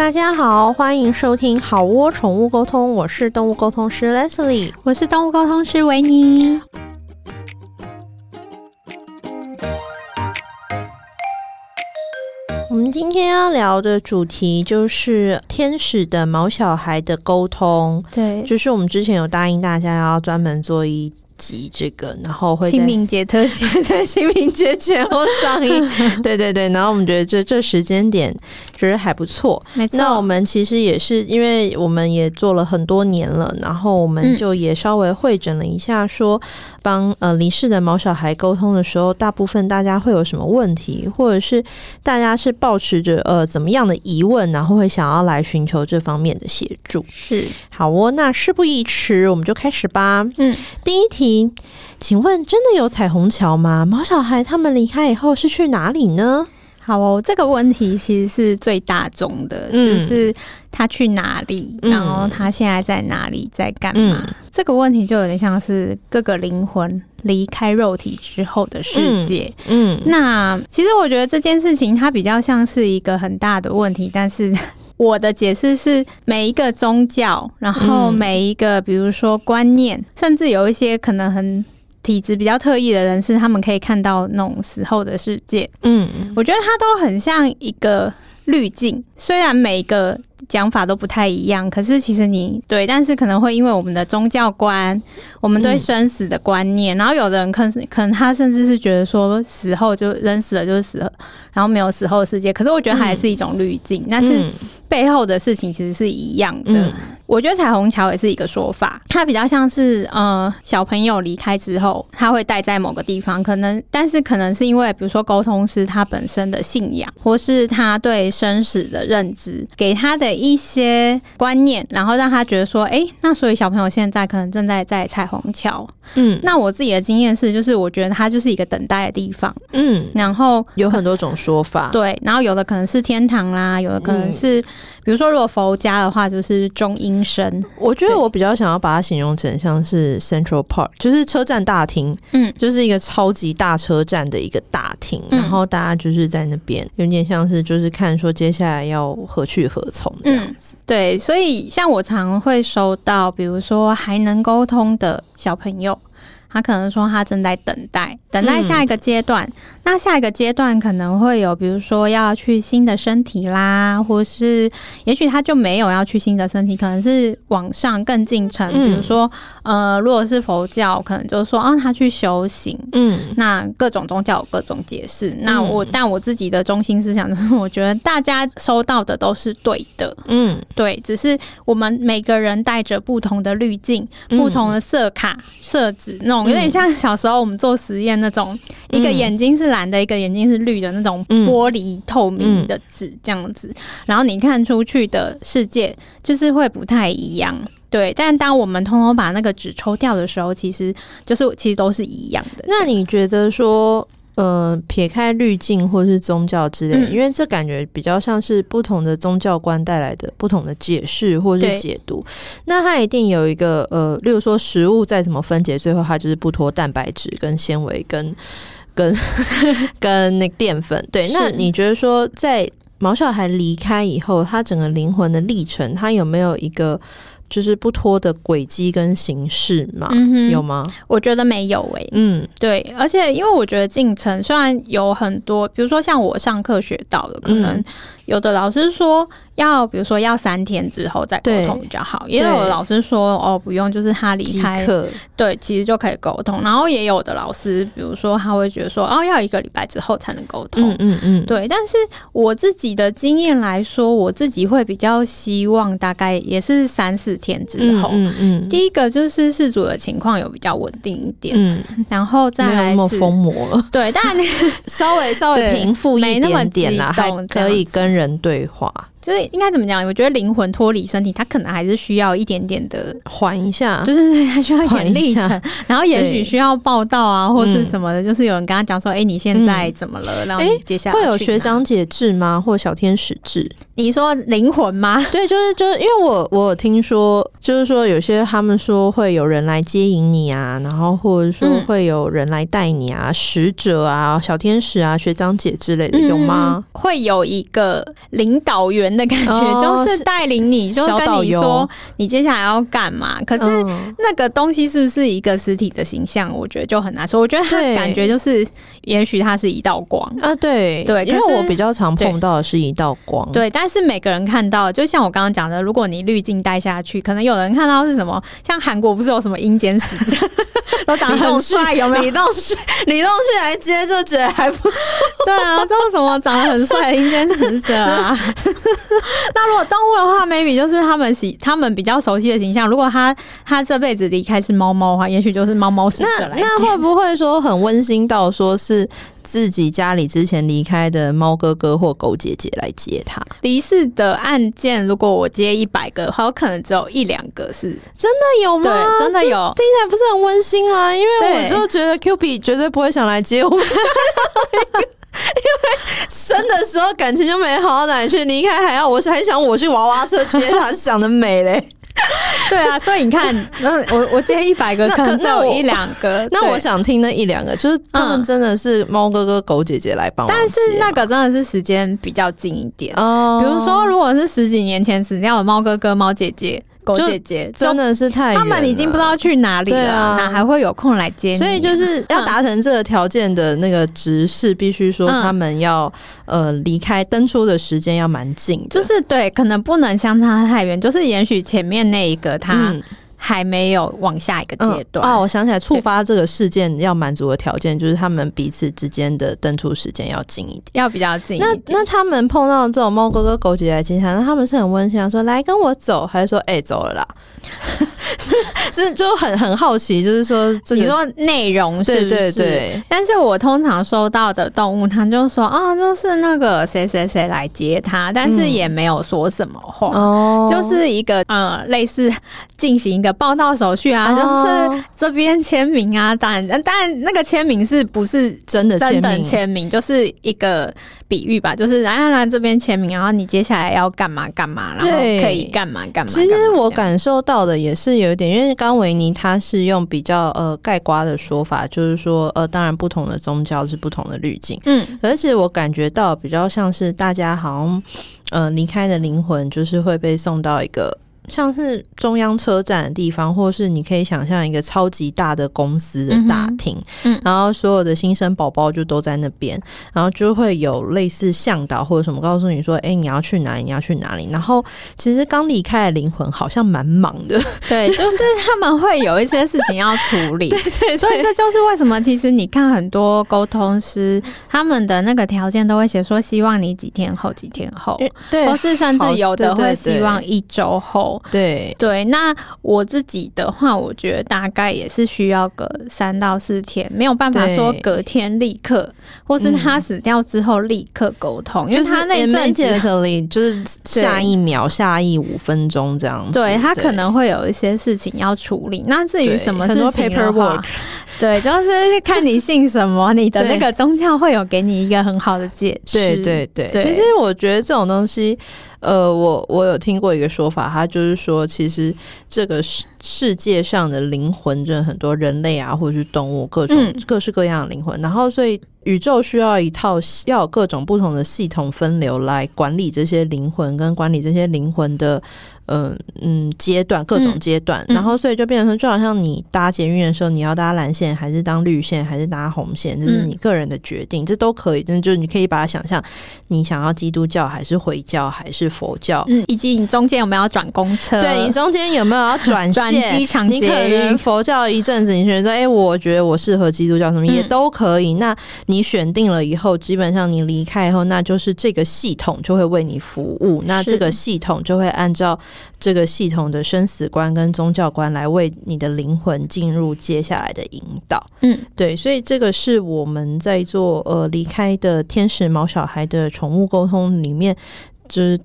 大家好，歡迎收聽《好窩寵物溝通》，我是動物溝通師 Leslie，我是動物溝通師維尼。我們今天要聊的主題就是天使的毛小孩的溝通，對，就是我們之前有答應大家要專門做一及這個，然後會在清明節特輯，在 清明節前後上映。對對對，然後我們覺得這這時間點其實還不錯。沒錯錯，那我們其實也是因為我們也做了很多年了，然後我們就也稍微彙整了一下說，說幫、嗯、呃離世的毛小孩溝通的時候，大部分大家會有什麼問題，或者是大家是抱持着呃怎麼樣的疑問，然後會想要來尋求這方面的協助。是好哦，那事不宜遲，我們就開始吧。嗯，第一題。請問，真的有彩虹橋嗎？毛小孩他們離開以後是去哪裡呢？好哦，這個問題其實是最大眾的，嗯、就是他去哪裡，然後他現在在哪裡，在幹嘛？嗯、這個問題就有點像是各個靈魂離開肉體之後的世界。嗯，嗯。那其實我覺得這件事情它比較像是一個很大的問題，但是。我的解釋是，每一個宗教，然後每一個，比如說觀念，嗯、甚至有一些可能很體質比較特異的人士，他們可以看到那種死後的世界。嗯，我覺得它都很像一個濾鏡。雖然每一個講法都不太一樣，可是其實你對，但是可能會因為我們的宗教觀，我們對生死的觀念，嗯、然後有的人可能可能他甚至是覺得說，死後就人死了就是死了，然後沒有死後的世界。可是我覺得還是一種濾鏡，嗯、但是。嗯背後的事情其實是一樣的。我覺得彩虹橋也是一個說法，它比較像是呃小朋友離開之後，他會待在某個地方，可能但是可能是因為比如說溝通師他本身的信仰，或是他對生死的認知，給他的一些觀念，然後讓他覺得說，哎，那所以小朋友現在可能正在在彩虹橋。嗯，那我自己的經驗是，就是我覺得他就是一個等待的地方。嗯，然後有很多種說法，對，然後有的可能是天堂啦，有的可能是。比如說，如果佛家的話，就是中陰身。我覺得我比較想要把它形容成像是 Central Park，對就是車站大廳。嗯，就是一個超級大車站的一個大廳，嗯、然後大家就是在那邊，有點像是就是看說接下來要何去何從這樣子，嗯。對，所以像我常會收到，比如說還能溝通的小朋友。他可能說他正在等待，等待下一個階段。嗯、那下一個階段可能會有，比如說要去新的身體啦，或是也許他就沒有要去新的身體，可能是往上更進程。嗯、比如說，呃，如果是佛教，可能就是說啊，他去修行。嗯，那各種宗教有各種解釋。嗯、那我但我自己的中心思想就是，我覺得大家收到的都是對的。嗯，對，只是我們每個人戴着不同的濾鏡、嗯、不同的色卡設置弄。色有點像小時候我們做實驗那種，一個眼睛是藍的，一個眼睛是綠的，那種玻璃透明的紙這樣子，然後你看出去的世界就是會不太一樣。對，但當我們通通把那個紙抽掉的時候，其實就是其實都是一樣的。那你覺得說？呃，撇開濾鏡或是宗教之類的，嗯、因為這感覺比較像是不同的宗教觀帶來的不同的解釋或是解讀。對那它一定有一個呃，例如說食物再怎麼分解，最後它就是不脫蛋白質、跟纖維、跟跟 跟那個澱粉。對，是那你覺得說在毛小孩離開以後，他整個靈魂的歷程，他有沒有一個？就是不脫的軌跡跟形式嘛，嗯、哼有嗎？我覺得沒有誒、欸。嗯，對，而且因為我覺得進程雖然有很多，比如說像我上課學到的，可能、嗯。有的老師說要，比如說要三天之後再溝通比較好，對也有的老師說對哦不用，就是他離開可對，其實就可以溝通。然後也有的老師，比如說他會覺得說哦要一個禮拜之後才能溝通，嗯嗯，嗯對。但是我自己的經驗來說，我自己會比較希望大概也是三四天之後。嗯嗯，第一個就是飼主的情況有比較穩定一點，嗯，然後再來沒有那麼瘋魔了，對，但稍微稍微 平復一點點啦，沒那麼激動還可以跟人人對話。就是應該怎麼講？我覺得靈魂脫離身體，它可能還是需要一點點的緩一下，對對對，它需要緩一,一下，然後也許需要報到啊，對或是什麼的。嗯、就是有人跟他講說：“哎、欸，你現在怎麼了？”然後、嗯、接下來會有學長姐制嗎？或小天使制？你說靈魂嗎？對，就是就是，因為我我有聽說，就是說有些他們說會有人來接引你啊，然後或者說會有人來帶你啊，嗯、使者啊，小天使啊，學長姐之類的，有嗎、嗯？會有一個領導員的感覺就是帶領你，就跟你說你接下來要幹嘛。可是那個東西是不是一個實體的形象？我覺得就很難說。我覺得他感覺就是，也許它是一道光啊。對是對，因為我比較常碰到的是一道光。對，但是每個人看到，就像我剛剛講的，如果你濾鏡帶下去，可能有人看到是什麼？像韓國不是有什麼陰間使者， 都長得很帥， 有沒有？ 李棟旭，李棟旭來接就覺得還不錯。對啊，這種什麼長得很帥的陰間使者啊。 那如果動物的話，maybe 就是他們喜他們比較熟悉的形象。如果他他這輩子離開是貓貓的話，也許就是貓貓使者來接他。那會不會說很溫馨到說是自己家裡之前離開的貓哥哥或狗姐姐來接他？離世的案件，如果我接一百個的話，我可能只有一兩個是。真的有嗎？對，真的有。聽起來不是很溫馨嗎？因為對我就覺得 Q 比絕對不會想來接我。 因為生的時候感情就沒好到哪去，離開還要我還想我去娃娃車接她， 想得美嘞！ 對啊，所以你看，我我今天那,那我我接一百個，可能只有一兩個。那我想聽那一兩個，就是他們真的是貓哥哥、狗姐姐來幫忙、嗯。但是那個真的是時間比較近一點哦，比如說如果是十幾年前死掉的貓哥哥、貓姐姐。就真的是太遠，他們已經不知道去哪裡了，啊、哪還會有空來接你、啊？所以就是要達成這個條件的那個執事，嗯、必須說他們要、嗯、呃離開登出的時間要蠻近的，就是對，可能不能相差太遠，就是也許前面那一個他、嗯。還沒有往下一個階段、嗯、哦，我想起來觸發這個事件要滿足的條件對就是他們彼此之間的登出時間要近一點，要比較近一點。那那他們碰到這種貓哥哥狗姐姐來接他，那他們是很溫馨啊，說來跟我走，還是說哎、欸、走了啦？ 是就很很好奇，就是說、這個、你說內容是不是對？對對對，但是我通常收到的動物，他就說啊，就、哦、是那個誰誰誰來接他，但是也沒有說什麼話，哦、嗯。就是一個呃類似進行一個。報到手續啊，就是這邊簽名啊，哦、但但那個簽名是不是真的簽名？真的簽名，就是一個比喻吧，就是然然、啊啊、這邊簽名，然後你接下來要幹嘛幹嘛，對然後可以幹嘛幹嘛，幹嘛。其實我感受到的也是有一點，因為剛維尼他是用比較呃概括的說法，就是說呃，當然不同的宗教是不同的濾鏡，嗯，而且我感覺到比較像是大家好像呃離開的靈魂，就是會被送到一個。像是中央車站的地方，或是你可以想象一個超級大的公司的大廳，嗯嗯、然後所有的新生寶寶就都在那邊，然後就會有類似向導或者什麼告訴你說：“哎，你要去哪裡？你要去哪裡？”然後其實剛離開的靈魂好像蠻忙的，對，就是他們會有一些事情要處理， 對,對，對所以這就是為什麼其實你看很多溝通師他們的那個條件都會寫說希望你幾天後、幾天後，對對或是甚至有的會希望一周後。對對對對對，那我自己的話，我覺得大概也是需要個三到四天，沒有辦法說隔天立刻，或是他死掉之後立刻溝通，嗯、因為他那一陣子就是下一秒、對下一五分鐘這樣子，對，對他可能會有一些事情要處理。那至於什麼事情的話，對，對，就是看你信什麼， 你的那個宗教會有給你一個很好的解釋。對對對，對其實我覺得這種東西，呃，我我有聽過一個說法，他就是。就是說，其實這個世界上的靈魂，真的很多，人類啊，或者是動物，各種各式各樣的靈魂。嗯、然後，所以宇宙需要一套，要有各種不同的系統分流來管理這些靈魂，跟管理這些靈魂的。嗯嗯，階段各種階段，嗯嗯、然後所以就變成說就好像你搭捷運的時候，你要搭藍線還是當綠線還是搭紅線，這是你個人的決定，嗯、這都可以。就是你可以把它想象，你想要基督教還是回教還是佛教，嗯、以及你中間有沒有轉公車，對，你中間有沒有要轉線 轉機場捷運。你可能佛教一陣子，你選擇說哎，我覺得我適合基督教什麼、嗯、也都可以。那你選定了以後，基本上你離開以後，那就是這個系統就會為你服務，那這個系統就會按照。這個系統的生死觀跟宗教觀來為你的靈魂進入接下來的引導，嗯，對，所以這個是我們在做呃離開的天使毛小孩的寵物溝通裡面。就是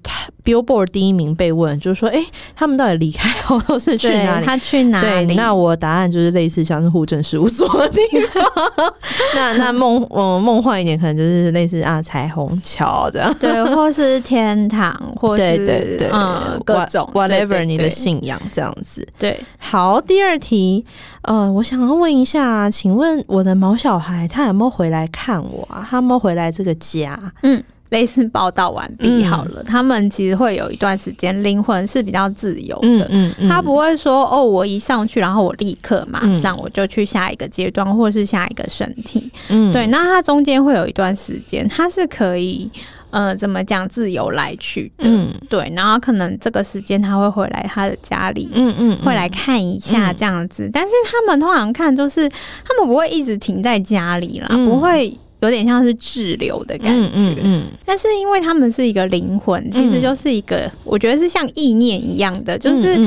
Billboard 第一名被問，就是說，哎、欸，他們到底離開後都是去哪裡？對他去哪裡對？那我答案就是類似像是戶政事務所的地方。 那那夢夢幻一點可能就是類似啊彩虹橋這樣。對，或是天堂，或是對對對，嗯、各種 whatever 對對對你的信仰這樣子。對，好，第二題，呃，我想要問一下，請問我的毛小孩他有沒有回來看我啊？他有沒有回來這個家？嗯。類似報到完畢好了，嗯、他們其實會有一段時間靈魂是比較自由的，嗯嗯嗯、他不會說哦，我一上去然後我立刻馬上我就去下一個階段、嗯、或是下一個身體，嗯，對，那他中間會有一段時間，他是可以呃怎麼講自由來去的，嗯、對，然後可能這個時間他會回來他的家裡，嗯嗯，嗯嗯會來看一下這樣子，但是他們通常看就是他們不會一直停在家裡啦，嗯、不會。有點像是滯留的感覺，嗯嗯嗯，但是因為他們是一個靈魂，其實就是一個，我覺得是像意念一樣的，嗯，就是，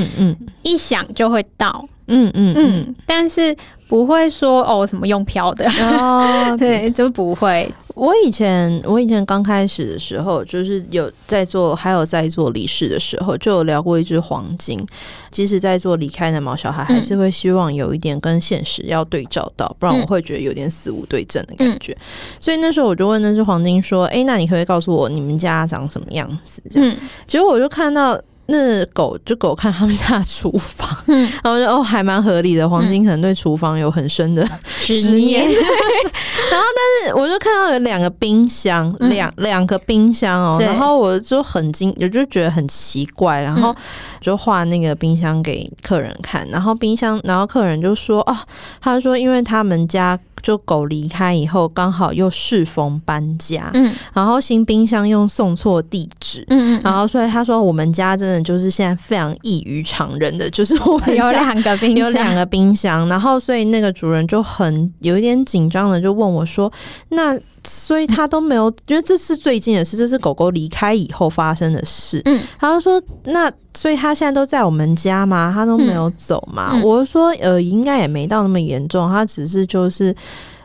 一想就會到。嗯嗯嗯嗯嗯嗯，嗯嗯但是不會說哦什麼用飄的，哦、 對，就不會。我以前我以前剛開始的時候，就是有在做，還有在做離世的時候，就有聊過一只黃金。即使在做離開的毛小孩還是會希望有一點跟現實要對照到，嗯、不然我會覺得有點死無對證的感覺。嗯、所以那時候我就問那只黃金說：“哎、欸，那你可不可以告訴我，你們家長什麼樣子？”這樣。其實、嗯、我就看到。那狗就狗看他們家的廚房，嗯、然後就哦還蠻合理的，黃金可能對廚房有很深的執念、嗯。然後但是我就看到有兩個冰箱，兩、嗯、兩個冰箱哦，對然後我就很驚，我就覺得很奇怪，然後就畫那個冰箱給客人看，然後冰箱，然後客人就說哦，他說因為他們家。就狗離開以後，剛好又適逢搬家，嗯，然後新冰箱又送錯地址，嗯，嗯，嗯，然後所以他說我們家真的就是現在非常異於常人的，就是我們家有兩個冰箱， 有兩個冰箱，然後所以那個主人就很有一點緊張的就問我說，那。所以他都沒有，因為這是最近的事，這是狗狗離開以後發生的事。嗯，他就說，那所以他現在都在我們家嘛，他都沒有走嘛。嗯嗯，我說，呃，應該也沒到那麼嚴重，他只是就是，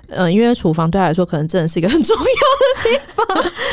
呃，因為廚房對他來說可能真的是一個很重要的地方。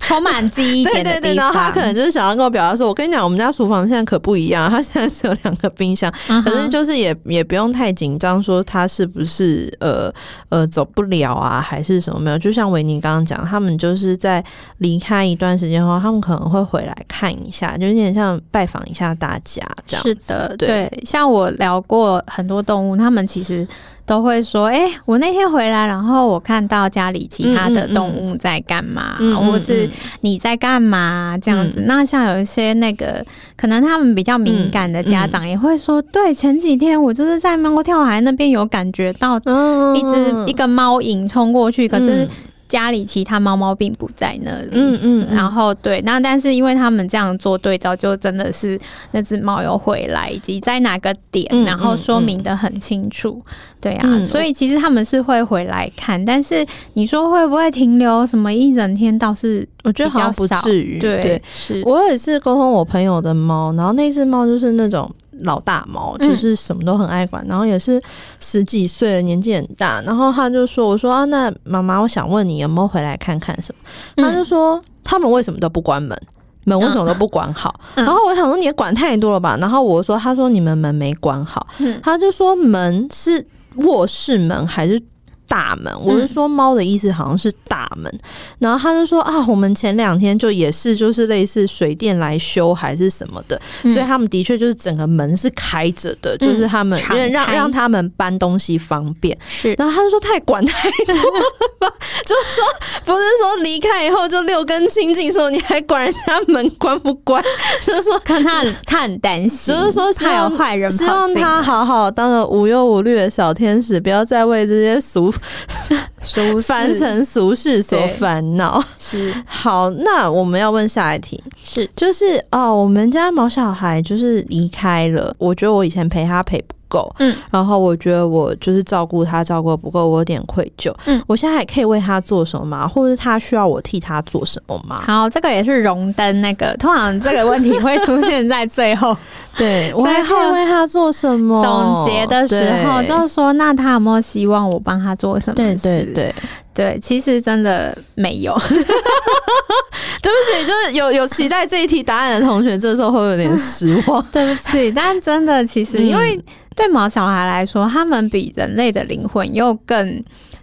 充滿機 對對對。然後他可能就是想要跟我表達說：“我跟你講，我們家廚房現在可不一樣。他現在只有兩個冰箱，反正、嗯、哼就是也也不用太緊張，說他是不是呃呃走不了啊，還是什麼沒有。就像維尼剛剛講，他們就是在離開一段時間後，他們可能會回來看一下，就有點像拜訪一下大家這樣子。是的，對。像我聊過很多動物，他們其實。都會說，哎、欸，我那天回來，然後我看到家裡其他的動物在幹嘛，嗯嗯嗯或是你在幹嘛這樣子。嗯、那像有一些那個，可能他們比較敏感的家長也會說，嗯嗯對，前幾天我就是在貓跳台那邊有感覺到一只一個貓影衝過去，可是。家裡其他貓貓並不在那裡，嗯，嗯嗯，然後對，那但是因為他們這樣做對照，就真的是那只貓又回來，以及在哪個點，然後說明得很清楚，嗯嗯嗯對啊，嗯嗯所以其實他們是會回來看，但是你說會不會停留什麼一整天，倒是我覺得好像不至於，對，是對，我也是溝通我朋友的貓，然後那只貓就是那種。老大毛就是什麼都很愛管，嗯、然後也是十幾歲了，年紀很大。然後他就說：“我說啊，那媽媽，我想問你有沒有回來看看什麼？”嗯、他就說：“他們為什麼都不關門？門為什麼都不管好？”嗯、然後我想說：“你也管太多了吧？”然後我說：“他說你們門沒關好。嗯”他就說：“門是臥室門還是？”大門，我是說貓的意思好像是大門，嗯、然後他就說啊，我們前兩天就也是就是類似水電來修還是什麼的，嗯、所以他們的確就是整個門是開着的，嗯、就是他們讓看讓他們搬東西方便。是，然後他就說太管太多了， 就說不是說離開以後就六根清淨，說你還管人家門關不關？就是說他他他很擔心，就是說怕有壞人，希望他好好當個無憂無慮的小天使，不要再為這些俗。俗凡塵俗世所煩惱。是好，那我們要問下一題，是就是哦，我們家毛小孩就是離開了，我覺得我以前陪他陪。夠，嗯，然後我覺得我就是照顧他，照顧不夠，我有點愧疚，嗯，我現在還可以為他做什麼嗎？或者他需要我替他做什麼嗎？好，這個也是榮登那個，通常這個問題會出現在最後， 對，我可以為他做什麼？總結的時候對就說，那他有沒有希望我幫他做什麼？對對對對，其實真的沒有， 對不起，就是有有期待這一題答案的同學， 這時候會有點失望，嗯、對不起，但真的其實、嗯、因為。對毛小孩來說，他們比人類的靈魂又更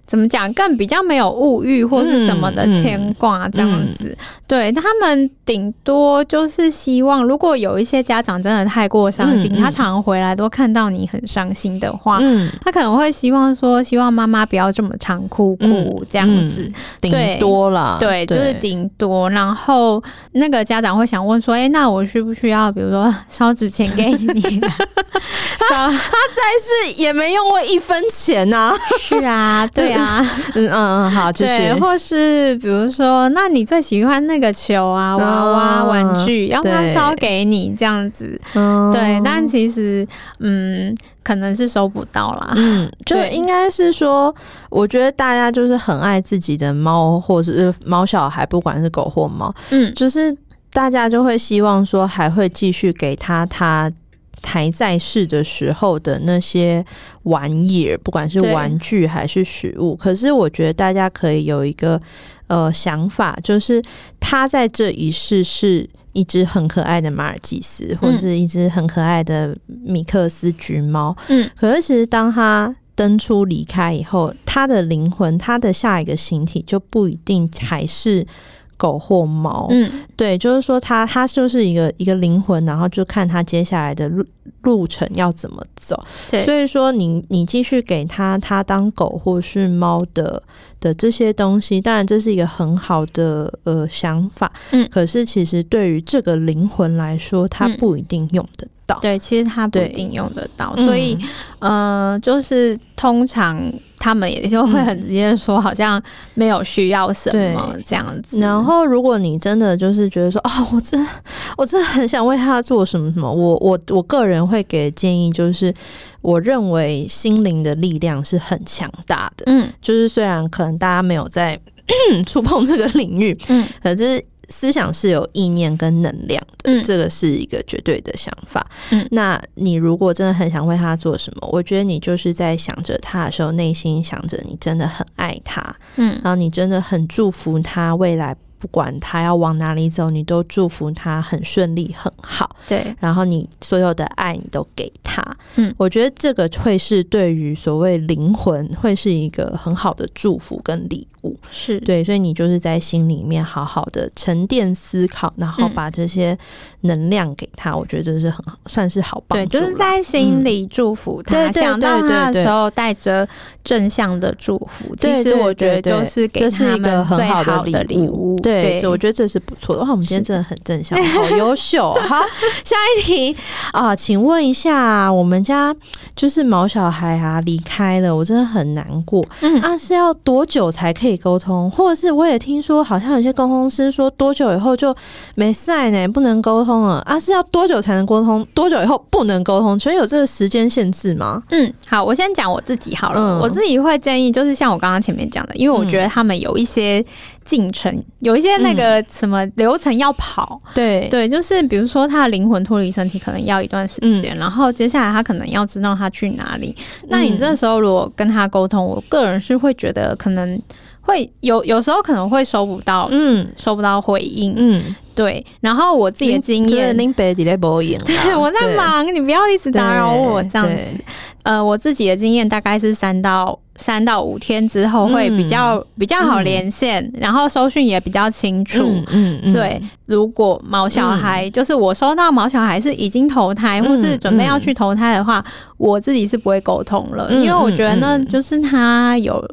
怎麼講？更比較沒有物欲或是什麼的牽掛這樣子，嗯嗯、對他們頂多就是希望，如果有一些家長真的太過傷心，嗯嗯、他常,常回來都看到你很傷心的話，嗯、他可能會希望說，希望媽媽不要這麼常哭哭這樣子，頂、嗯嗯、多了，對，對就是頂多。然後那個家長會想問說，哎、欸，那我需不需要，比如說燒紙錢給你、啊？ 燒他他在世也沒用過一分錢吶、啊，是啊，對啊。 啊， 嗯嗯嗯，好，就是對，或是比如說，那你最喜歡那個球啊，哦、娃娃、玩具，要不要燒給你這樣子，對，嗯、對。但其實，嗯，可能是收不到啦。嗯，就應該是說，對我覺得大家就是很愛自己的貓，或者是貓小孩，不管是狗或貓，嗯，就是大家就會希望說，還會繼續給他他台在世的時候的那些玩意兒，不管是玩具還是食物，對可是我覺得大家可以有一個呃想法，就是它在這一世是一隻很可愛的馬爾濟斯，或者是一隻很可愛的米克斯橘貓。嗯，可是其實當它登出離開以後，它的靈魂，它的下一個形體就不一定還是。狗或貓，嗯，對，就是說他，它它就是一個一個靈魂，然後就看它接下來的路路程要怎麼走。對。所以說你，你你繼續給它它當狗或是貓的的這些東西，當然這是一個很好的呃想法。嗯，可是其實對於這個靈魂來說，它不一定用得到。嗯對，其實他不一定用得到，對所以，嗯、呃，就是通常他們也就會很直接說，好像沒有需要什麼這樣子。然後，如果你真的就是覺得說，哦，我真的我真的很想為他做什麼什麼，我我我個人會給建議，就是我認為心靈的力量是很強大的，嗯，就是雖然可能大家沒有在觸碰這個領域，嗯，可是。思想是有意念跟能量的，嗯，這個是一個絕對的想法。嗯，那你如果真的很想為他做什麼，我覺得你就是在想着他的時候，內心想着你真的很愛他，嗯，然後你真的很祝福他未來，不管他要往哪裡走，你都祝福他很順利很好。對，然後你所有的愛你都給他，嗯，我覺得這個會是對於所謂靈魂會是一個很好的祝福跟禮。是對，所以你就是在心裡面好好的沉澱思考，然後把這些能量給他，嗯、我覺得這是很算是好幫助。對，就是在心裡祝福他，想到的時候帶着正向的祝福。對對對對對，其實我覺得就是給一個很好的禮物。對，我覺得這是不錯的話。我們今天真的很正向，是好優秀、喔。好，下一題啊、 呃，請問一下，我們家就是毛小孩啊離開了，我真的很難過。嗯啊，是要多久才可以？溝通，或者是我也聽說，好像有些溝通師說多久以後就沒事呢，不能溝通了，啊。是要多久才能溝通？多久以後不能溝通？所以有這個時間限制嗎？嗯，好，我先講我自己好了。嗯、我自己會建議，就是像我剛剛前面講的，因為我覺得他們有一些進程，嗯、有一些那個什麼流程要跑。嗯、對對，就是比如說，他的靈魂脫離身體，可能要一段時間，嗯、然後接下來他可能要知道他去哪裡。嗯、那你這時候如果跟他溝通，我個人是會覺得可能。會有有時候可能會收不到，嗯，收不到回應，嗯，對。然後我自己的經驗，對，我在忙，你不要一直打擾我這樣子。呃，我自己的經驗大概是三到三到五天之後會比較比較好連線，然後收訊也比較清楚。嗯，對。如果毛小孩就是我收到毛小孩是已經投胎或是準備要去投胎的話，我自己是不會溝通了，因為我覺得呢，就是他有。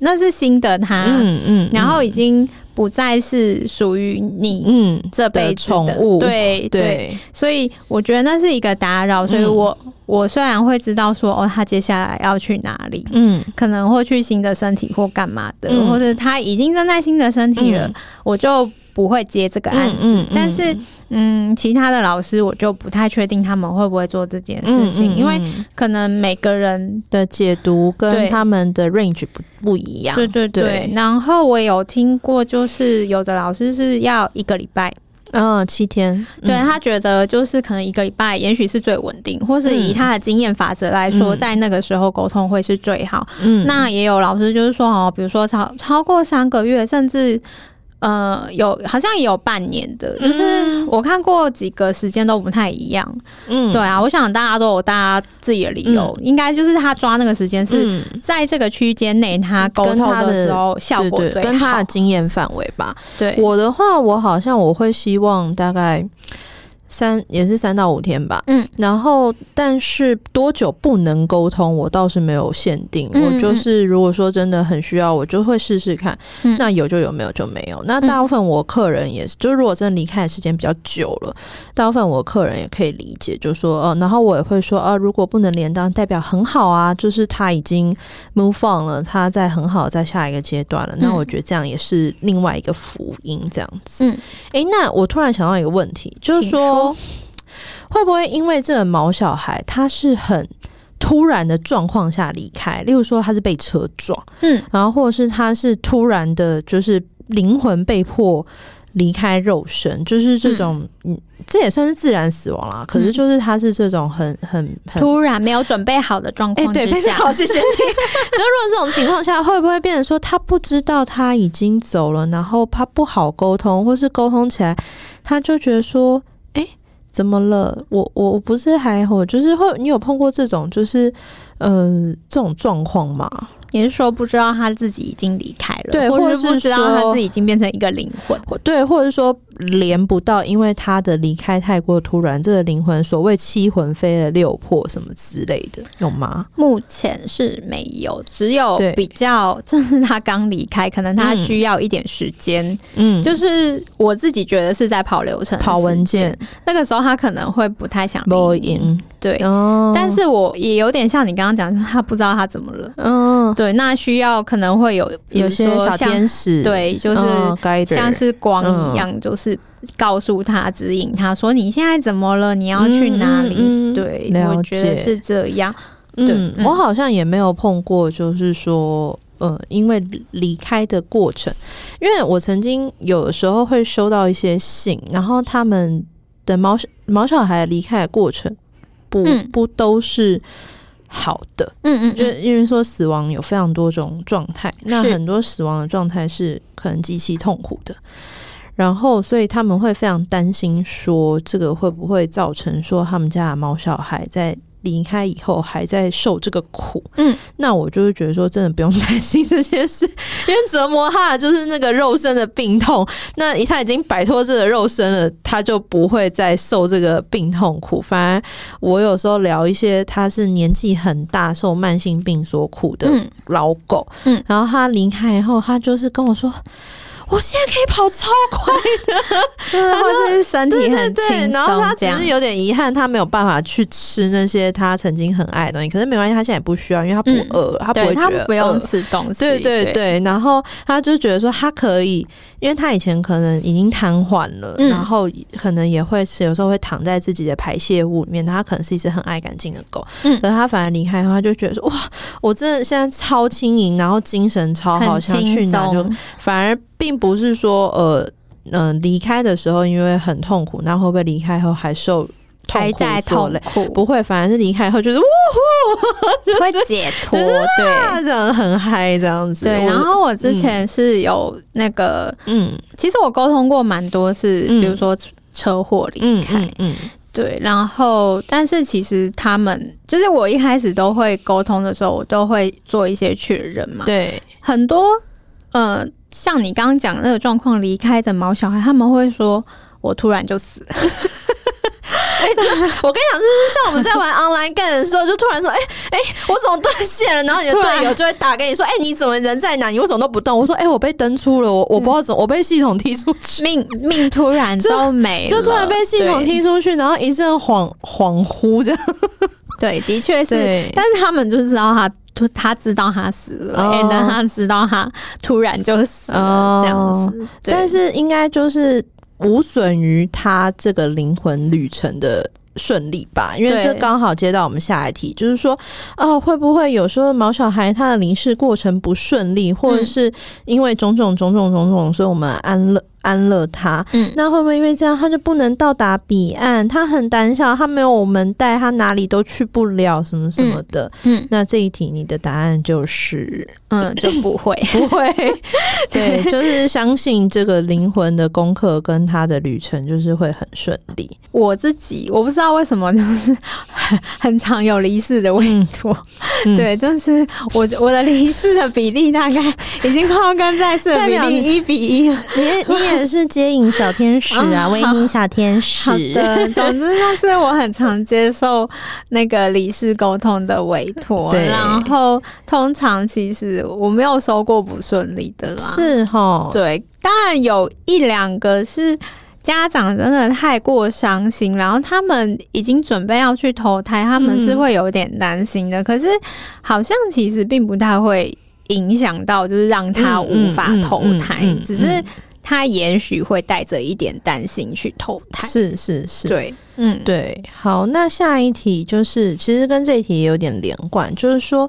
那是新的它，嗯嗯，嗯，然後已經不再是屬於你，嗯，這輩寵物，對對對對，所以我覺得那是一個打擾，所以我、嗯、我雖然會知道說哦，他接下來要去哪裡，嗯，可能會去新的身體或幹嘛的，嗯、或者他已經正在新的身體了，嗯、我就。不會接這個案子，嗯嗯、但是嗯，其他的老師我就不太確定他們會不會做這件事情，嗯嗯嗯、因為可能每個人的解讀跟他們的 range 對不不一樣。對對對。對然後我有聽過，就是有的老師是要一個禮拜，嗯、哦，七天。嗯、對他覺得就是可能一個禮拜，也許是最穩定，或是以他的經驗法則來說，嗯、在那個時候溝通會是最好。嗯。那也有老師就是說哦，比如說超超過三個月，甚至。呃，有好像也有半年的，嗯、就是我看過幾個時間都不太一樣。嗯，對啊，我想大家都有大家自己的理由，嗯、應該就是他抓那個時間是在這個區間內，跟他溝通的時候效果最好，跟他，對對對，跟他的經驗範圍吧。對，我的話，我好像我會希望大概。三也是三到五天吧，嗯，然後但是多久不能溝通，我倒是沒有限定，嗯嗯，我就是如果說真的很需要，我就會試試看，嗯、那有就有，沒有就沒有。嗯、那大部分我客人也是，就是如果真的離開的時間比較久了，大部分我客人也可以理解，就是說哦、呃、然後我也會說啊、呃，如果不能連，當代表很好啊，就是他已經 move on 了，他在很好，在下一個階段了。嗯、那我覺得這樣也是另外一個福音，這樣子。嗯，哎，那我突然想到一個問題，就是說。哦、會不會因為這個毛小孩，他是很突然的狀況下離開？例如說他是被車撞，嗯，然後或者是他是突然的，就是靈魂被迫離開肉身，就是這種、嗯嗯，這也算是自然死亡啦。可是就是他是這種很、嗯、很很突然、沒有準備好的狀況。欸、對，非常好，謝謝你。 就如果這種情況下，會不會變成說他不知道他已經走了，然後他不好溝通，或是溝通起來他就覺得說。怎麼了？我我我不是還好，就是會你有碰過這種就是。呃，這種狀況嘛，你是說不知道他自己已經離開了，對，或者是，或是不知道他自己已經變成一個靈魂，對，或者說連不到，因為他的離開太過突然，這個靈魂所謂七魂飛了六魄什麼之類的，有嗎？目前是沒有，只有比較就是他剛離開，對可能他需要一點時間，嗯，就是我自己覺得是在跑流程、跑文件，那個時候他可能會不太想，不贏贏，對，哦，但是我也有點像你剛。講他不知道他怎麼了，嗯，對，那需要可能會有有些小天使，對，就是、嗯、Guider, 像是光一樣，就是告訴他、嗯、指引他說你現在怎麼了，你要去哪裡？嗯嗯嗯對，了解。我覺得是這樣。對，嗯、我好像也沒有碰過，就是說，呃、嗯，因為離開的過程，因為我曾經有的時候會收到一些信，然後他們的毛毛小孩離開的過程不，不不都是。嗯好的，嗯、嗯嗯，就因為說死亡有非常多種狀態，是那很多死亡的狀態是可能極其痛苦的，然後所以他們會非常擔心，說這個會不會造成說他們家的毛小孩在。離開以後還在受這個苦，嗯，那我就是覺得說，真的不用擔心這些事，因為折磨他就是那個肉身的病痛。那他已經擺脫這個肉身了，他就不會再受這個病痛苦。反而我有時候聊一些，他是年紀很大受慢性病所苦的老狗，嗯，然後他離開以後，他就是跟我說。我現在可以跑超快的，對對對。然後他只是有點遺憾，他沒有辦法去吃那些他曾經很愛的東西。可是沒關係，他現在也不需要，因為他不餓，他不會覺得不用吃東西。對對對，然後他就覺得說，他可以，因為他以前可能已經癱瘓了，然後可能也會是有時候會躺在自己的排泄物裡面。他可能是一隻很愛乾淨的狗，可是他反而離開，然後，他就覺得說，哇，我真的現在超輕盈，然後精神超好，想去哪就反而，並不是說呃嗯離、呃、開的時候因為很痛苦，那會不會離開後還受痛苦勞累？還在痛苦不會，反而是離開後就是哇，呵呵就是，會解脫，啊、對，人很嗨這樣子。對，然後我之前是有那個嗯，其實我溝通過蠻多是，嗯、比如說車禍離開嗯，嗯，嗯對，然後但是其實他們就是我一開始都會溝通的時候，我都會做一些確認嘛，對，很多嗯。呃像你剛剛講那個狀況，離開的毛小孩，他們會說我突然就死了、 欸就。我跟你講，就是像我們在玩 online game 的時候，就突然說，哎、欸、哎、欸，我怎麼斷線了？然後你的隊友就會打給你說，哎、欸，你怎麼人在哪裡？你為什麼都不動？我說，哎、欸，我被登出了，我我不知道怎麼，嗯、我被系統踢出去，命命突然都沒，就突然被系統踢出去，對然後一陣恍恍惚，這樣。對，的確是，對但是他們就是知道他。就他知道他死了，那、oh, 他知道他突然就死了、oh, 這樣子，但是應該就是無損於他這個靈魂旅程的順利吧，因為這剛好接到我們下一題，對就是說、哦，會不會有時候毛小孩他的離世過程不順利，或者是因為種種種種種種，嗯、所以我們安樂。安樂他，嗯、那會不會因為這樣他就不能到達彼岸？他很膽小，他沒有我們帶，他哪裡都去不了，什麼什麼的。嗯，嗯，那這一題你的答案就是，嗯，就不會，不會。 對，對，就是相信這個靈魂的功課跟他的旅程就是會很順利。我自己我不知道為什麼就是很，很常有離世的委託，嗯、對，就是我我的離世的比例大概已經快跟在世的比例一比一了。你你也。你也 也是接引小天使啊，維尼小天使，哦好。好的，總之就是我很常接受那個離世溝通的委托， 對然後通常其實我沒有收過不順利的啦，是哈齁。對，當然有一兩個是家長真的太過傷心，然後他們已經準備要去投胎，他們是會有點擔心的。嗯、可是好像其實並不太會影響到，就是讓他無法投胎，只是。他也許會帶着一點擔心去投胎，是是是，是是對，嗯，對，好，那下一題就是，其實跟這一題有點連貫，就是說，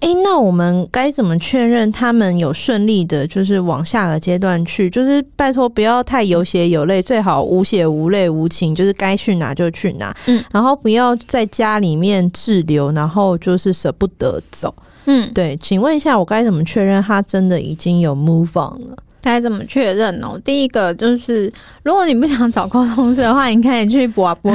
哎、欸，那我們該怎麼確認他們有順利的，就是往下個階段去。就是拜托不要太有血有淚，最好無血無淚無情，就是該去哪就去哪，嗯，然後不要在家裡面滯留，然後就是舍不得走，嗯，對，請問一下，我該怎麼確認他真的已經有 move on 了？該怎麼確認哦？第一個就是，如果你不想找溝通師的話， 你可以去播播。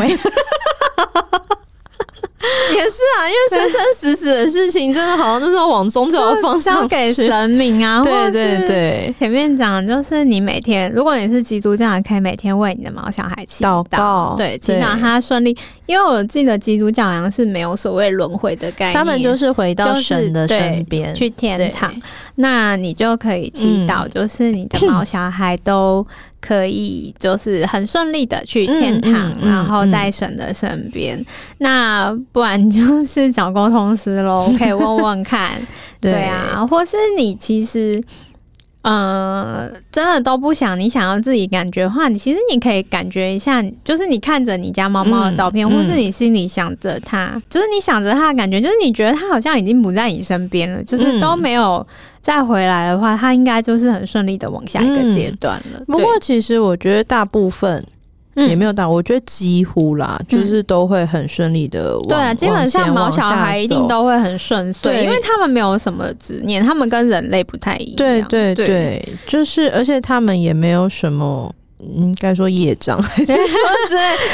也是啊，因為生生死死的事情，對真的好像就是要往宗教的方向給神明啊。 對對對，對，或者是前面講就是你每天，如果你是基督教，可以每天為你的毛小孩祈禱告，對，祈禱他順利。對因為我記得基督教好像是沒有所謂輪回的概念，他們就是回到神的身邊去天堂，對那你就可以祈禱，就是你的毛小孩都、嗯。可以就是很順利的去天堂，嗯嗯、然後在神的身邊。嗯、那不然就是找溝通師咯，可以問問看。 對啊，或是你其實。呃，真的都不想。你想要自己感覺的話，你其實你可以感覺一下，就是你看着你家貓貓的照片，嗯、或是你心裡想着它，嗯、就是你想着它的感覺，就是你覺得它好像已經不在你身邊了，就是都沒有再回來的話，它應該就是很順利的往下一個階段了。嗯、對不過，其實我覺得大部分。也沒有大，我覺得幾乎啦，嗯、就是都會很順利的。對啊啦，往往基本上毛小孩一定都會很順遂，對因為他們沒有什麼執念，他們跟人類不太一樣。對，對對對，對就是而且他們也沒有什麼。應該說業障 說之類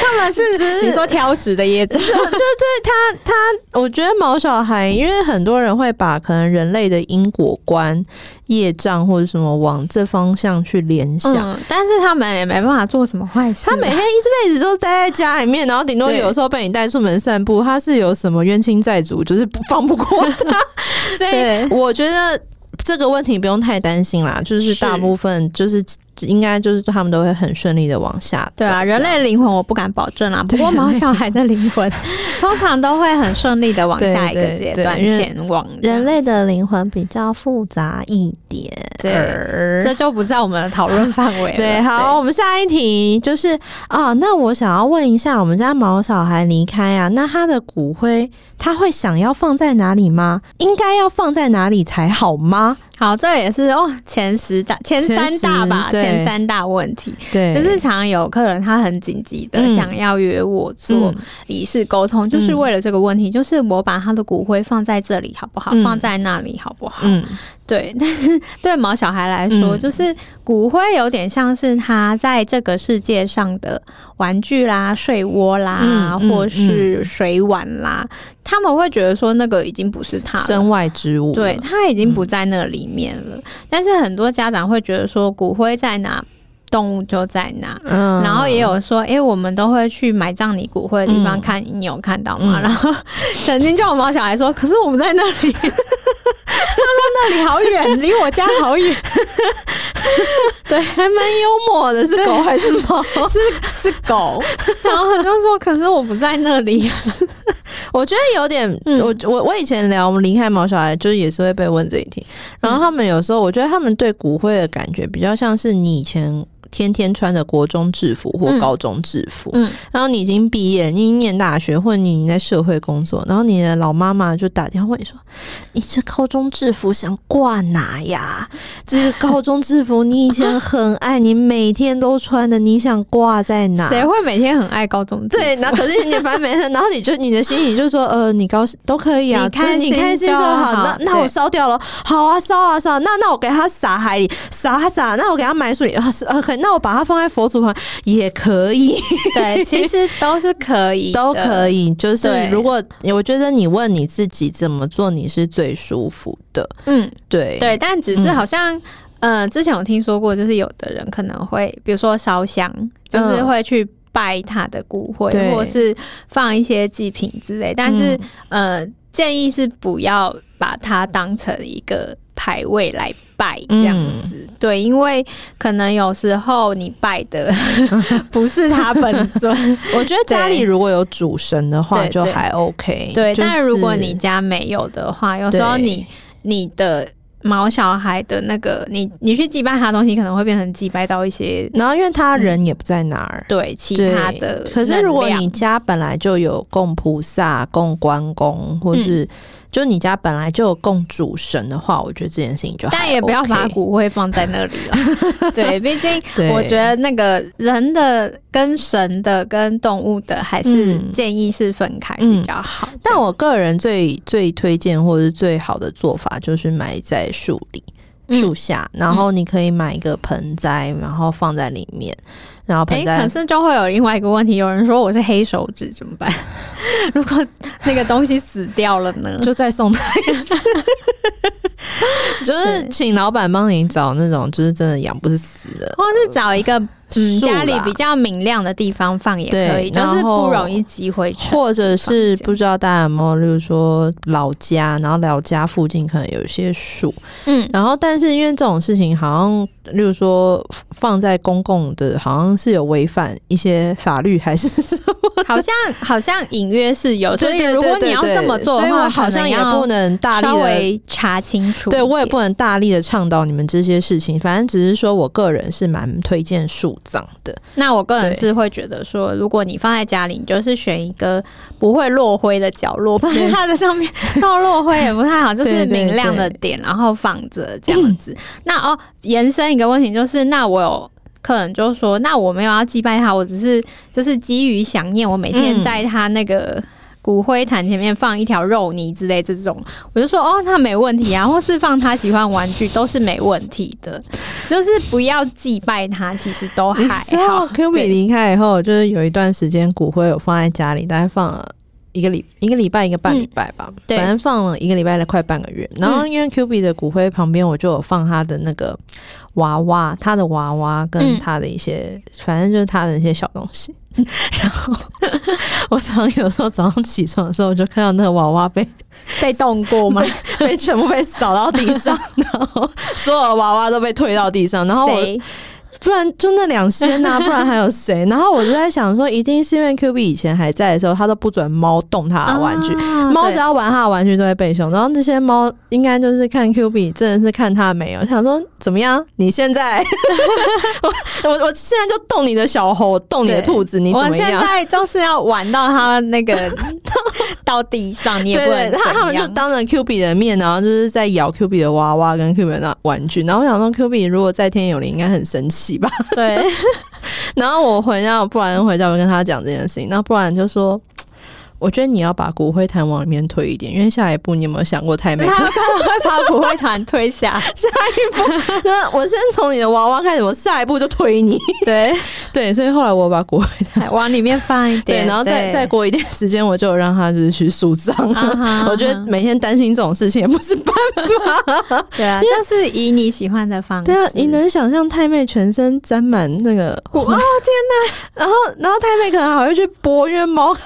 他們是，只是你說挑食的業障 就，就對他他，我覺得毛小孩，因為很多人會把可能人類的因果觀、業障或者什麼往這方向去聯想，嗯，但是他們也沒辦法做什麼壞事。他每天一輩子都待在家裡面，然後頂多有時候被你帶出門散步，對他是有什麼冤親債主，就是不放不過他。 所以我覺得這個問題不用太擔心啦，就是大部分就是，是。應該就是他們都會很順利的往下。對啊，人類靈魂我不敢保證啊。不過毛小孩的靈魂 通常都會很順利的往下一個階段前往。對對對對，人類的靈魂比較複雜一點，對，這就不在我們的討論範圍。 對，好，我們下一題就是啊、哦，那我想要問一下，我們家毛小孩離開啊，那他的骨灰他會想要放在哪裡嗎？應該要放在哪裡才好嗎？好，這也是哦，前十大前三大吧。對。三大問題。對，日常有客人他很緊急的想要約我做離世溝通，嗯、就是為了這個問題，嗯、就是我把他的骨灰放在這裡好不好？嗯、放在那裡好不好？嗯嗯對，但是對毛小孩來說，嗯、就是骨灰有點像是他在這個世界上的玩具啦、睡窩啦，嗯、或是水碗啦。嗯嗯、他們會覺得說，那個已經不是他身外之物，對他已經不在那裡面了。嗯、但是很多家長會覺得說，骨灰在哪，動物就在哪。嗯，然後也有說，哎、欸，我們都會去埋葬你骨灰的地方看、嗯、你，有看到嗎？嗯、然後曾經就有毛小孩說， 可是我們在那裡。 他說那裡好遠，離我家好遠。 對，還蠻幽默的，是狗還是貓？是是狗。然後他說：“可是我不在那裡。 ”我覺得有點……我我我以前聊我們離開毛小孩，就是也是會被問這一題。然後他們有時候，我覺得他們對骨灰的感覺，比較像是你以前。天天穿的國中制服或高中制服，嗯、然後你已經畢業了，你已經念大學或者你已經在社會工作，然後你的老媽媽就打電話問你說：“你這高中制服想掛哪呀？這個高中制服你以前很愛， 你每天都穿的，你想掛在哪？”誰會每天很愛高中制服？對，然後可是你反正沒人， 然後你就你的心裡就說：“呃，你高興都可以啊你，你開心就好。好好”那那我燒掉了，對好啊，燒啊燒啊，那那我給他撒海裡，撒、啊、撒、啊，那我給他埋水啊、呃、很。那我把它放在佛祖旁也可以，對，其實都是可以的， 都可以。就是如果我覺得你問你自己怎麼做，你是最舒服的，嗯，對，對。對，但只是好像，嗯、呃，之前我聽說過，就是有的人可能會，比如說燒香，呃、就是會去拜他的骨灰，對或是放一些祭品之類。但是，嗯、呃。建議是不要把它當成一個牌位來拜這樣子，嗯、對，因為可能有時候你拜的 不是他本尊。 我覺得家裡如果有主神的話，就還 OK。對對對，就是，對，但如果你家沒有的話，有時候你你的。毛小孩的那個，你你去祭拜他的東西，可能會變成祭拜到一些，然後因為他人也不在哪兒，嗯、對其他的能量。可是如果你家本來就有供菩薩、供關公，或是。嗯就你家本來就有供主神的話，我覺得這件事情就、OK、但也不要把骨灰放在那裡了。 對，畢竟我覺得那個人的、跟神的、跟動物的，還是建議是分開比較好。嗯、對但我個人最最推薦或是最好的做法，就是埋在樹裡、樹、嗯、下，然後你可以買一個盆栽，然後放在裡面。嗯嗯然後，哎，可是就會有另外一個問題，有人說，我是黑手指怎麼辦？如果那個東西死掉了呢？就再送他一個。 就是請老板幫你找那種，就是真的養不是死的對，或是找一個。嗯，啦家裡比較明亮的地方放也可以，然後就是不容易積灰。或者是不知道大家有沒有，例如說老家，然後老家附近可能有一些樹，嗯，然後但是因為這種事情，好像例如說放在公共的，好像是有違反一些法律還是什麼的。好像好像隱約是有，所以如果你要這麼做的話，對對對對對，好像也不能大力的，稍微查清楚。對，我也不能大力的倡導你們這些事情。反正只是說我個人是蠻推薦樹。的，那我個人是會覺得說，如果你放在家裡，你就是選一個不會落灰的角落，放在它的上面，對 到落灰也不太好，就是明亮的點，然後放着這樣子。對對對，那哦，延伸一個問題就是，那我有客人就說，那我沒有要祭拜他，我只是就是基於想念，我每天在他那個。骨灰壇前面放一條肉泥之類這種，我就說哦，那沒問題啊，或是放他喜歡玩具 都是沒問題的，就是不要祭拜他，其實都還好。你知道，科比離開以後，就是有一段時間骨灰有放在家裡，大概放了。一個禮一個禮拜，一個半禮拜吧，嗯、對，反正放了一個禮拜的快半個月。然後因為 QB 的骨灰旁邊我就有放他的那個娃娃，他的娃娃跟他的一些，嗯、反正就是他的一些小東西。然後我早上有時候早上起床的時候，我就看到那個娃娃被 被動過嘛，被、被全部被掃到地上， 然後所有的娃娃都被推到地上，然後我。不然就那兩仙啊，不然還有誰？ 然後我就在想說，一定是因為 QB 以前還在的時候，他都不准貓動他的玩具，貓、啊、只要玩他的玩具都會被凶。對然後這些貓應該就是看 QB 真的是看他沒有，想說怎麼樣？你現在， 我我現在就動你的小猴，動你的兔子，對你怎麼樣？我現在就是要玩到他那個。 到地上，你也不能。然後他,他們就當着 Q B 的面，然後就是在咬 Q B 的娃娃跟 Q B 的玩具。然後我想說，Q B 如果在天有靈，應該很神奇吧？對。 然後我回家，不然回家我就跟他講這件事情。那不然就說。我覺得你要把骨灰罈往裡面推一點，因為下一步你有沒有想過太妹？我會把骨灰罈推下。下一步，那我先從你的娃娃開始。我下一步就推你。對對，所以後來我把骨灰罈往裡面放一點，對，然後再對再過一點時間，我就讓他就是去樹葬。Uh huh, uh huh. 我覺得每天擔心這種事情也不是辦法。 對啊，為就是以你喜歡的方式。對啊，你能想象太妹全身沾滿那個？ 哦，天哪！然後然後太妹可能好像去撥，因為貓。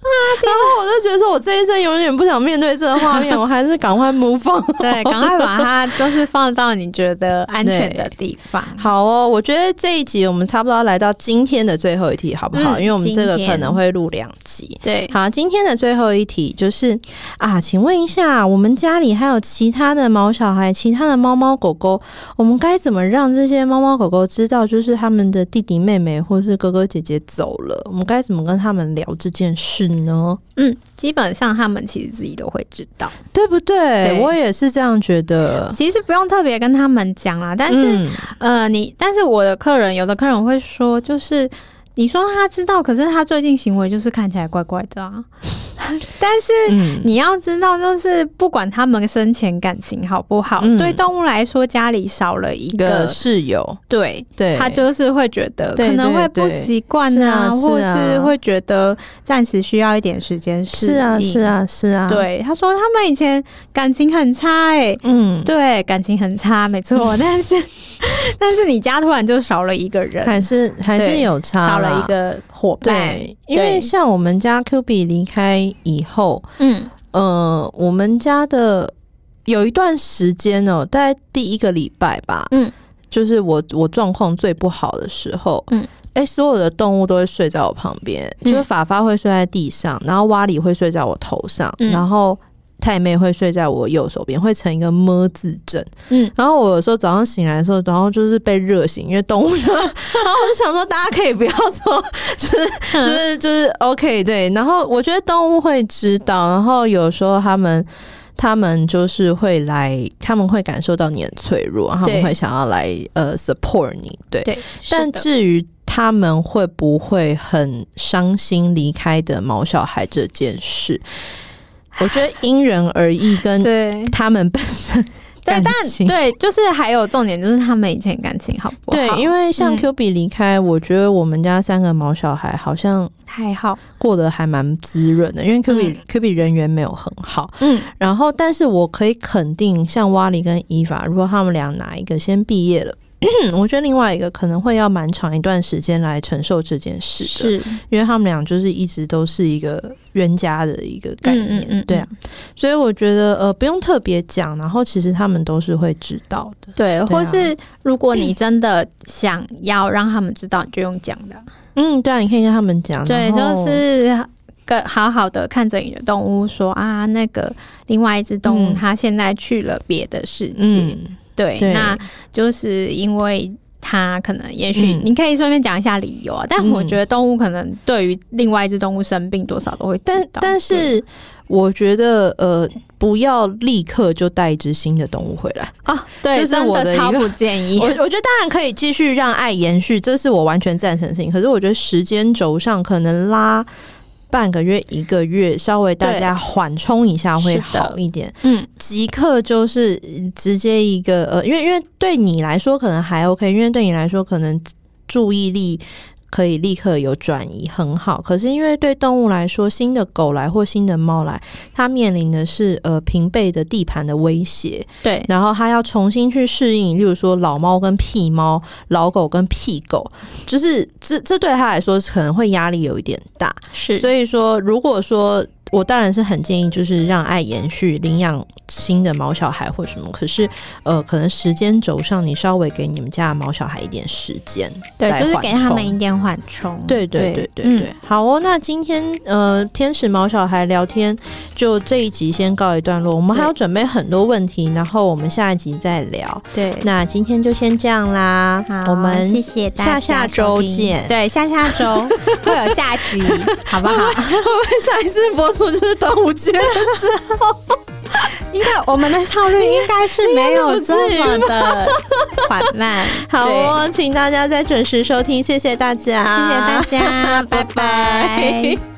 啊！然後我就覺得，說我這一生永遠不想面對這個畫面，我還是趕快 move on。對，趕快把它就是放到你覺得安全的地方。好哦，我覺得這一集我們差不多要來到今天的最後一題，好不好？嗯，因為我們這個可能會錄兩集。對天，好，今天的最後一題就是啊，請問一下，我們家裡還有其他的毛小孩，其他的貓貓狗狗，我們該怎麼讓這些貓貓狗狗知道，就是他們的弟弟妹妹或是哥哥姐姐走了？我們該怎麼跟他們聊這件事？嗯 No 嗯，基本上他們其實自己都會知道，對不對？對，我也是這樣覺得。其實不用特別跟他們講啦，但是、嗯、呃，你但是我的客人，有的客人會說，就是你說他知道，可是他最近行為就是看起來怪怪的啊。 但是你要知道，就是不管他們生前感情好不好，嗯、對動物來說，家裡少了一個室友，對對，他就是會覺得可能會不習慣啊，或是會覺得暫時需要一點時間。是啊，是啊，是啊。是啊，對，他說他們以前感情很差，欸，哎，嗯，對，感情很差，沒錯。 但是但是你家突然就少了一個人，還是還是有差，少了一個。伙伴，因為像我們家 QB 離開以後，嗯、呃，我們家的有一段時間哦，大概第一個禮拜吧，嗯，就是我我狀況最不好的時候，嗯，誒，所有的動物都會睡在我旁邊，就是法發會睡在地上，嗯、然後瓦里會睡在我頭上，嗯、然後。太妹會睡在我右手邊，會成一個麼字陣。嗯，然後我有時候早上醒來的時候，然後就是被熱醒，因為動物就。然後我就想說，大家可以不要說， 就是就是就是 OK 對。然後我覺得動物會知道，然後有時候他們他們就是會來，他們會感受到你很脆弱，然後他們會想要來對呃 support 你。對，對，但至於他們會不會很傷心離開的毛小孩這件事。我覺得因人而異，跟他們本身感情對，對，但，對，就是還有重點，就是他們以前感情好不好？對，因為像 Q 比離開，嗯、我覺得我們家三個毛小孩好像還好，過得還蠻滋潤的。因為 Q 比、嗯、Q 比人緣沒有很好，嗯，然後但是我可以肯定，像瓦里跟伊法，如果他們倆哪一個先畢業了。嗯、我覺得另外一個可能會要蠻長一段時間來承受這件事的，是因為他們倆就是一直都是一個冤家的一個概念，嗯嗯嗯對啊，所以我覺得呃不用特別講，然後其實他們都是會知道的，對，對啊、或是如果你真的想要讓他們知道， 你就用講的，嗯，對啊，你可以跟他們講，對，然後，就是好好的看着你的動物說啊，那個另外一隻動物它現在去了別的世界。嗯嗯對，那就是因為它可能也許、也許、嗯、你可以順便講一下理由啊。但我覺得動物可能對於另外一隻動物生病多少都會但，但但是對我覺得呃，不要立刻就帶一隻新的動物回來啊、哦。對，這是我的一個真的超不建議。我我覺得當然可以繼續讓愛延續，這是我完全贊成的事情。可是我覺得時間軸上可能拉。半個月、一個月，稍微大家緩衝一下會好一點。嗯，即刻就是直接一個呃，因為因為對你來說可能還 OK，因為對你來說可能注意力。可以立刻有轉移，很好。可是因為對動物來說，新的狗來或新的貓來，它面臨的是呃平輩的地盤的威脅。對，然後它要重新去適應，例如說老貓跟屁貓，老狗跟屁狗，就是這這對他來說可能會壓力有一點大。是，所以說如果說。我當然是很建議，就是讓愛延續，領養新的毛小孩或什麼。可是，呃，可能時間軸上，你稍微給你們家的毛小孩一點時間，對，就是給他們一點緩衝。對對對對對。嗯。好哦，那今天呃，天使毛小孩聊天就這一集先告一段落。我們還要準備很多問題，然後我們下一集再聊。對，那今天就先這樣啦。好，我們下下週見。謝謝大家，下周見。對，下下周會有下集， 好不好。我我們下一次播。我就是端午節的時候，應該我們的效率應該是沒有這麼，這麼的緩慢。好，請大家再準時收聽，謝謝大家，謝謝大家， 拜拜。